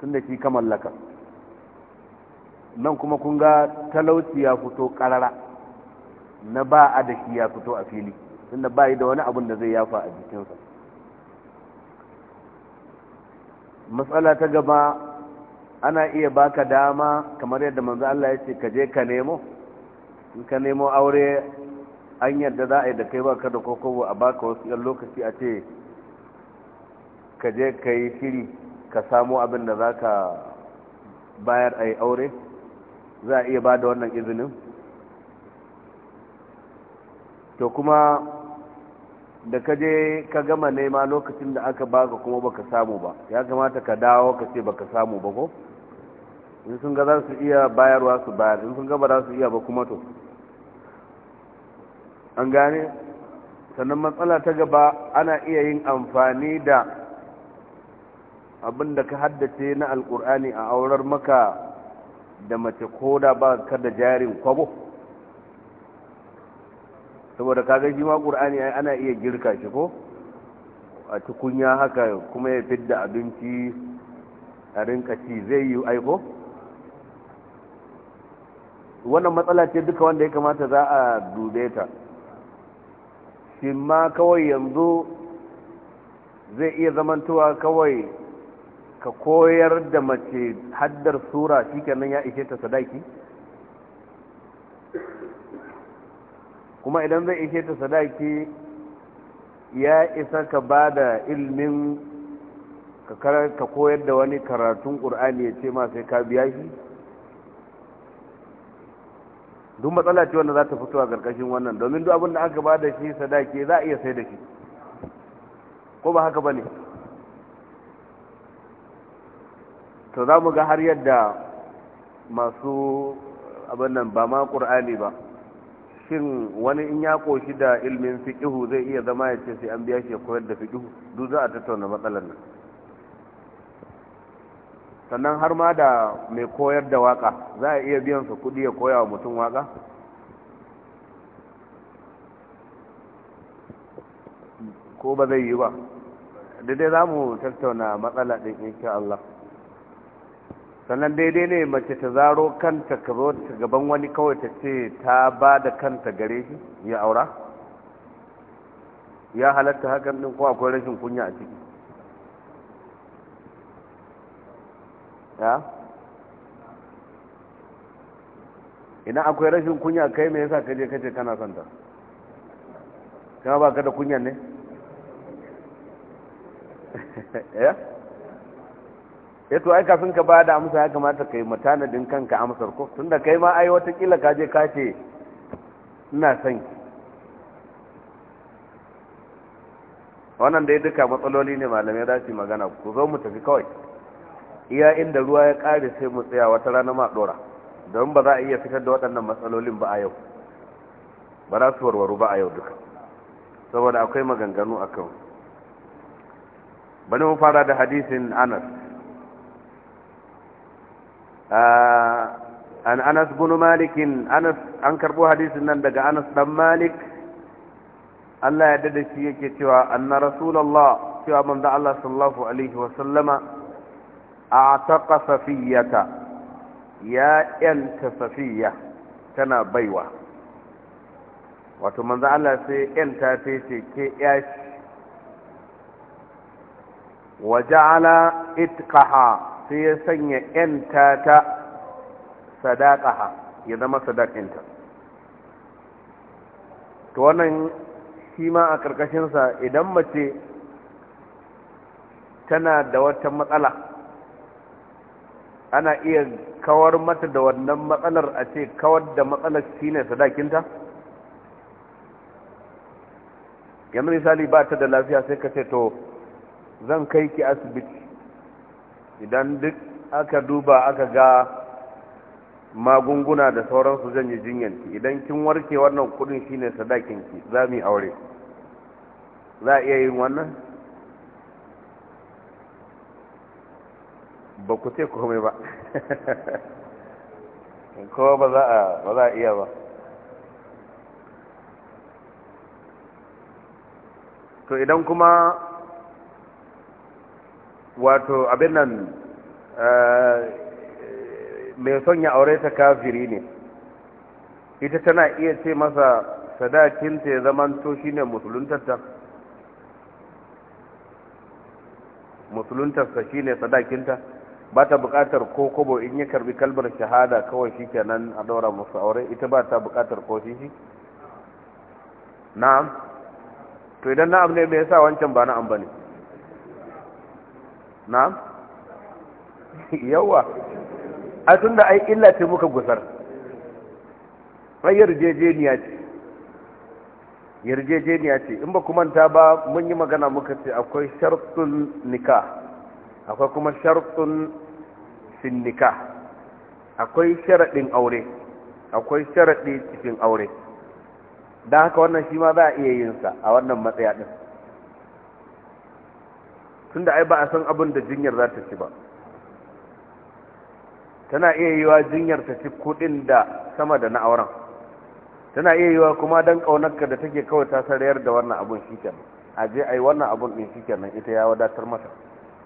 tun da shi ka mallaka nan kuma kun ga talauci ya fito karara na ba a da shi ya fito a fili tun da bayi da wani abun da zai yafa a jikinsa matsala ta gaba ana iya baka dama kamar yadda manzo Allah ya ce ka je ka nemo in ka nemo aure an yadda za a yi da kai ka da kokowa a baka wasu yan lokaci a ce ka je ka yi shiri ka samo abin da za ka bayar a yi aure za a iya ba da wannan izinin to kuma da ka je ka gama nema lokacin da aka baka kuma baka samu ba ya kamata ka dawo ka ce baka samu ba ko in sun ga za su iya bayarwa su bayar in sun gaba za su iya ba kuma to an gane sannan matsala ta gaba ana iya yin amfani da abin da ka haddace na alkur'ani a aurar maka da mace ko da ba ka da jarin kwabo saboda kaga shi ma ƙur'ani ana iya girka shi ko a tukunya haka kuma ya fidda abinci a rinka ci zai yi aiko wannan matsala ce duka wanda ya kamata za a dube ta shi ma kawai yanzu zai iya zamantowa kawai ka koyar da mace haddar sura shi kenan ya ishe ta sadaki kuma idan zai ishe ta sadaki ya isa ka ba da ilmin ka koyar da wani karatun ƙur'ani ya ce sai ka biya shi duk matsala ce wanda za ta fito a ƙarƙashin wannan domin duk abin da aka ba da shi sadaki za a iya sai da shi ko ba haka ba ne to za mu ga har yadda masu abin nan ba ma ƙur'ani ba shin wani in ya ƙoshi da ilmin fiƙihu zai iya zama ya ce sai an biya shi ya koyar da fiƙihu duk za a tattauna matsalar nan sannan har ma da mai koyar da waka za a iya biyan su kuɗi ya koya wa mutum waka ko ba zai yi ba daidai za mu tattauna matsala ɗin insha Allah sannan daidai ne mace ta zaro kanta ka zo ta gaban wani kawai ta ce ta ba da kanta gare shi ya aura ya halatta hakan din ko akwai rashin kunya a ciki ya ina akwai rashin kunya kai me yasa kaje kace kana santa kama ba ka da kunya ne eh ya eh to aika kafin ka ba da amsa ya kamata ka yi matanadin kanka amsar ko tun da kai ma ai watakila ka je ka ce ina son ki wannan dai duka matsaloli ne malamai za su magana ku zo mu tafi kawai iya inda ruwa ya kare sai mu tsaya wata rana ma dora don ba za a iya fitar da waɗannan matsalolin ba a yau ba za su warwaru ba a yau duka saboda akwai maganganu a kan bani mu fara da hadisin anas an anas bin malikin anas an karbo hadisin nan daga anas dan malik Allah ya dada shi yake cewa anna rasulullah cewa manzo Allah sallallahu alaihi wa sallama a'taqa safiyata ya yanta safiya tana baiwa wato manzo Allah sai yanta ta ce ke yashi wa ja'ala itqaha sai ya sanya yanta ta sadaqaha ya zama sadakinta. to wannan shi ma a karkashin idan mace tana da wata matsala ana iya kawar mata da wannan matsalar a ce kawar da matsalar ne sadakinta yanzu misali ba ta da lafiya sai ka ce to zan kai ki asibiti idan duk aka duba aka ga magunguna da sauransu zan yi jinyanki idan kin warke wannan kudin shine sadakinki za mu yi aure za a iya yin wannan ba ku ce komai ba kowa ba za a iya ba to idan kuma wato abin nan eh, mai son ya aure ta kafiri ne ita tana iya ce masa sadakinta ya to shi ne musuluntarta musuluntarsa shi ne sadakinta ba ta bukatar ko kobo in ya karbi kalmar shahada kawai shi kenan a daura musu aure ita ba ta bukatar ko shi shi na'am to idan na'am ne me yasa wancan ba na'am bane ne na'am yawa a tun da ai illa ce muka gusar rayar jejeniya ce yarjejeniya ce in ba manta ba mun yi magana muka ce akwai shartun nika akwai kuma shartun fin nika akwai sharaɗin aure akwai sharaɗi cikin aure don haka wannan shi ma za a iya yinsa a wannan matsaya tunda ai ba a san abin da jinyar za ta ci ba tana iya yi wa jinyar ta ci kudin da sama da na auren tana iya yi wa kuma dan ƙaunarka da take kawai ta sarayar da wannan abun shikenan a je ai wannan abun din shikenan ita ya wadatar masa.